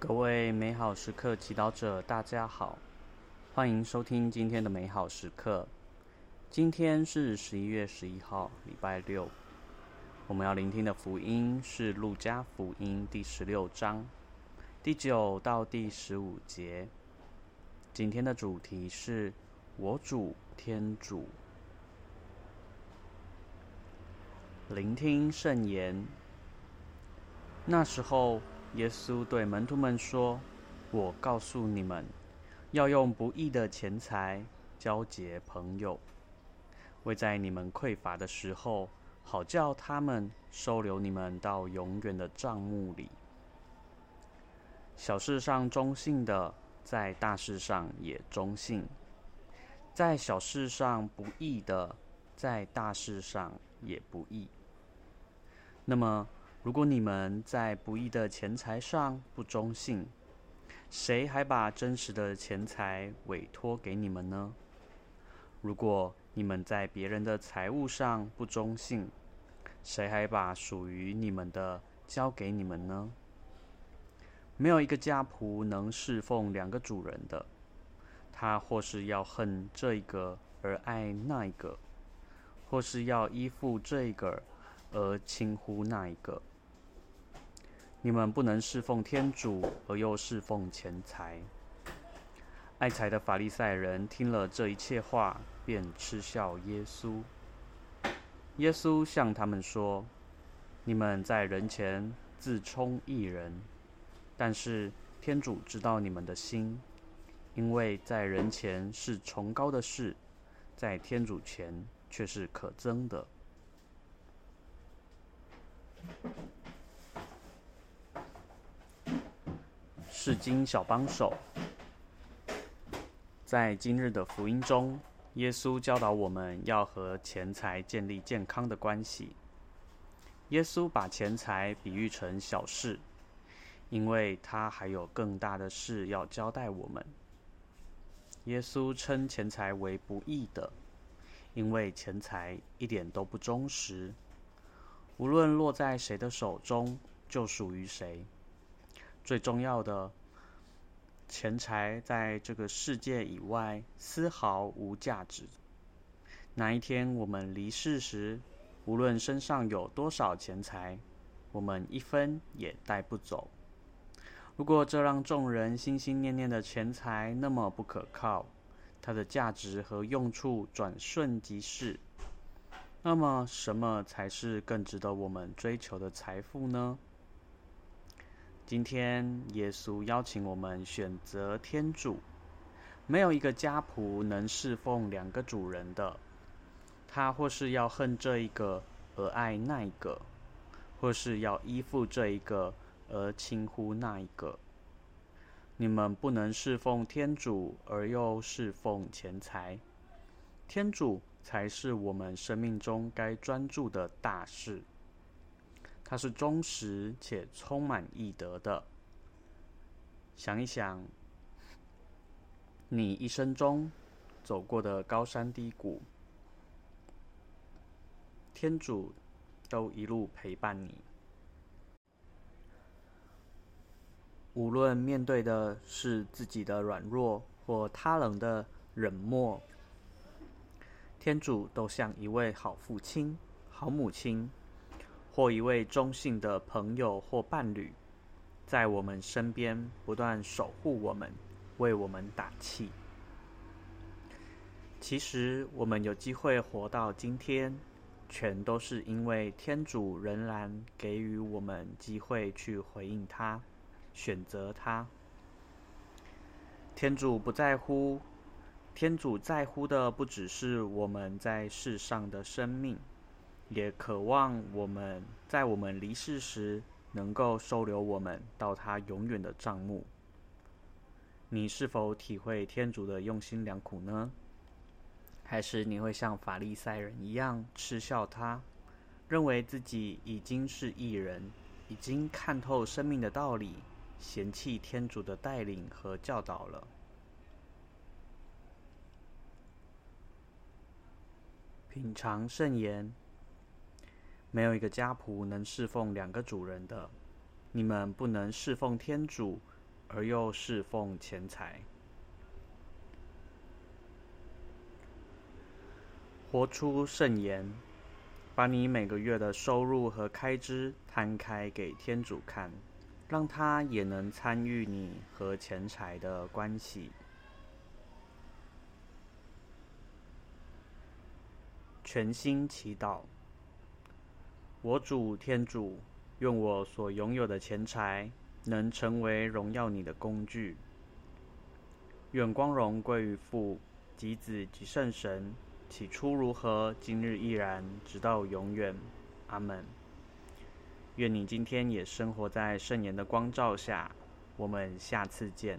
各位美好時刻祈禱者，大家好，歡迎收聽今天的美好時刻。今天是十一月十一號，禮拜六。我們要聆聽的福音是《路加福音》第十六章第九到第十五節。今天的主題是“我主天主”。聆聽聖言。那時候。耶穌對門徒們說：“我告訴你們，要用不義的錢財交結朋友，為在你們匱乏的時候，好叫他們收留你們到永遠的帳幕裡。小事上忠信的，在大事上也忠信；在小事上不義的，在大事上也不義。那麼。”如果你們在不義的錢財上不忠信，誰還把真實的錢財委託給你們呢？如果你們在別人的財物上不忠信，誰還把屬於你們的交給你們呢？沒有一個家僕能事奉兩個主人的，他或是要恨這一個而愛那一個，或是要依附這一個。而輕忽那一個。你們不能侍奉天主而又侍奉錢財。愛財的法利賽人聽了這一切話，便嗤笑耶穌。耶穌向他們說：“你們在人前自充義人，但是天主知道你們的心，因為在人前是崇高的事，在天主前卻是可憎的。”釋經小幫手。在今日的福音中，耶穌教導我們要和錢財建立健康的關係。耶穌把錢財比喻成小事，因為他還有更大的事要交代我們。耶穌稱錢財為不義的，因為錢財一點都不忠實。無論落在誰的手中，就屬於誰。最重要的，錢財在這個世界以外，絲毫無價值。哪一天我們離世時，無論身上有多少錢財，我們一分也帶不走。如果這讓眾人心心念念的錢財那麼不可靠，它的價值和用處轉瞬即逝。那麼，什麼才是更值得我們追求的財富呢？今天，耶穌邀請我們選擇天主。沒有一個家僕能侍奉兩個主人的，他或是要恨這一個而愛那一個，或是要依附這一個而輕忽那一個。你們不能侍奉天主而又侍奉錢財。天主。才是我們生命中該專注的大事。祂是忠實且充滿義德的。想一想，你一生中走過的高山低谷，天主都一路陪伴你。無論面對的是自己的軟弱或的，或他人的冷漠。天主都像一位好父親、好母親，或一位忠信的朋友或伴侶，在我們身邊不斷守護我們，為我們打氣。其實，我們有機會活到今天，全都是因為天主仍然給予我們機會去回應他、選擇他。天主不在乎。天主在乎的不只是我們在世上的生命，也渴望我們在我們離世時能夠收留我們到他永遠的帳幕。你是否體會天主的用心良苦呢？還是你會像法利賽人一樣嗤笑他，認為自己已經是義人，已經看透生命的道理，嫌棄天主的帶領和教導了？品嚐聖言，沒有一個家僕能侍奉兩個主人的。你們不能侍奉天主，而又侍奉錢財。活出聖言，把你每個月的收入和開支攤開給天主看，讓他也能參與你和錢財的關係。全心祈禱，我主天主，願我所擁有的錢財，能成為榮耀你的工具。願光榮歸於父、及子、及聖神。起初如何，今日亦然，直到永遠。阿門。願你今天也生活在聖言的光照下。我們下次見。